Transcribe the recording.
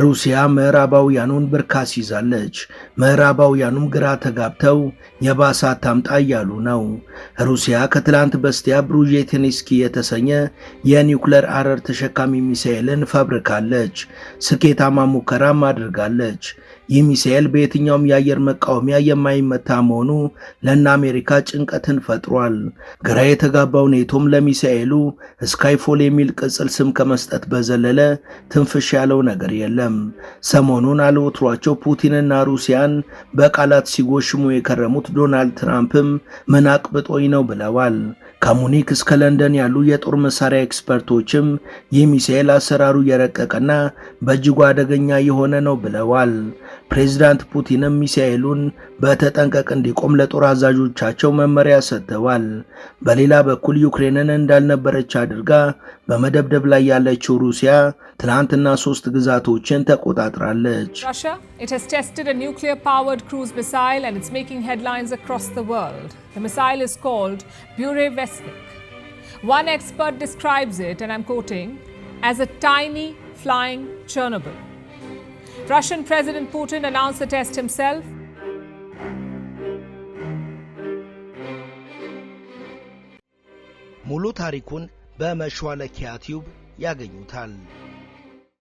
ሩሲያ ምዕራባውያኑን ብርካስ ይዛለች። ምዕራባውያኑም ግራ ተጋብተው የባሰ አታምጣ እያሉ ነው። ሩሲያ ከትላንት በስቲያ ብሩዤትኒስኪ የተሰኘ የኒውክለር አረር ተሸካሚ ሚሳኤልን ፈብርካለች። ስኬታማ ሙከራም አድርጋለች። ይህ ሚሳኤል በየትኛውም የአየር መቃወሚያ የማይመታ መሆኑ ለእነ አሜሪካ ጭንቀትን ፈጥሯል። ግራ የተጋባው ኔቶም ለሚሳኤሉ ስካይፎል የሚል ቅጽል ስም ከመስጠት በዘለለ ትንፍሽ ያለው ነገር የለም። አይደለም። ሰሞኑን አልወትሯቸው ፑቲንና ሩሲያን በቃላት ሲጎሽሙ የከረሙት ዶናልድ ትራምፕም ምን አቅብጦኝ ነው ብለዋል። ከሙኒክ እስከ ለንደን ያሉ የጦር መሳሪያ ኤክስፐርቶችም የሚሳኤል አሰራሩ የረቀቀና በእጅጉ አደገኛ የሆነ ነው ብለዋል። ፕሬዚዳንት ፑቲንም ሚሳኤሉን በተጠንቀቅ እንዲቆም ለጦር አዛዦቻቸው መመሪያ ሰጥተዋል። በሌላ በኩል ዩክሬንን እንዳልነበረች አድርጋ በመደብደብ ላይ ያለችው ሩሲያ ትናንትና ሶስት ግዛቶችን ተቆጣጥራለች። One expert describes it, and I'm quoting, as a tiny flying Chernobyl. Russian President Putin announced the test himself. ሙሉ ታሪኩን በመሿለኪያ ቲዩብ ያገኙታል።